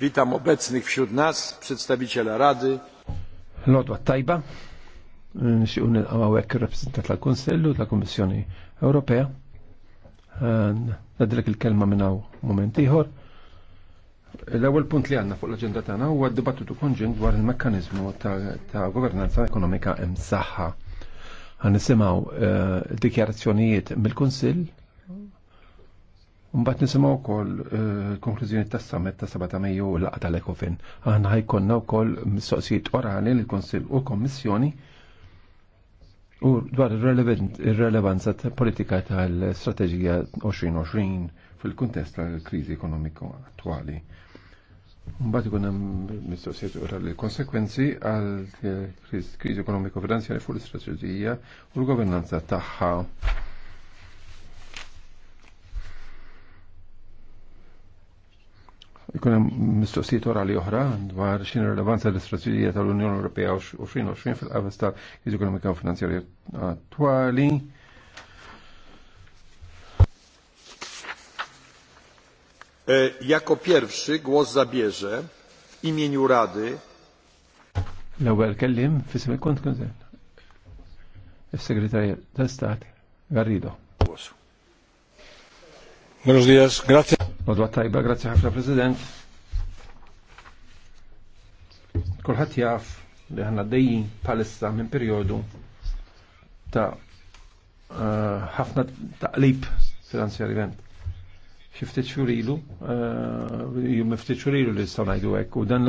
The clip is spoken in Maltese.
Witam obecnych wśród nas przedstawiciela Rady. Lodwa tajba, nixiju nil-għawek rappresentant tal-Konsellu, tal-Kommissjoni Ewropea. Nadilek il-kelma minnaw moment iħor. l ewel punt li għanna fuq l agenda tagħna huwa d-dibattitu konġent dwar il-mekkaniżmu ta' governanza ekonomika imsaħħa. Għan nisimgħu eh, dikjarazzjonijiet mill-Kunsill Mbatt nisimaw kol eh, konklużjoni tas summit ta' 7 Mejju laqta tal-Ekofin. Aħna ħajkonna u kol mistoqsijiet orali l konsil u Kommissjoni u dwar il-relevanza politika tal-Strategija 2020 fil-kuntest tal-krizi ekonomiku attwali. Mbagħad ikun hemm mistoqsijiet orali l konsekwenzi għal kriżi ekonomiku finanzjali fuq l strateġija u l-governanza tagħha Jkun hemm mistoqsijiet orali oħra dwar x'in rilevanza l-istrateġija tal-Unjoni Ewropea u u x'in x'in fil-qafas ta' kriżi ekonomika u finanzjarja attwali. E, jako pierwszy głos zabierze w imieniu Rady. L-ewwel kellim fisem ikun kont is Il-Segretarja ta' Stat Garrido. Buenos días, gracias. Modwa tajba, grazzi ħafna President. Kolħat jaf li ħanna dejjin palissa minn periodu ta' eh, ħafna lip finanzjari Xi Xiftit xurilu, ju eh, miftit xurilu li jistgħu ngħidu hekk u dan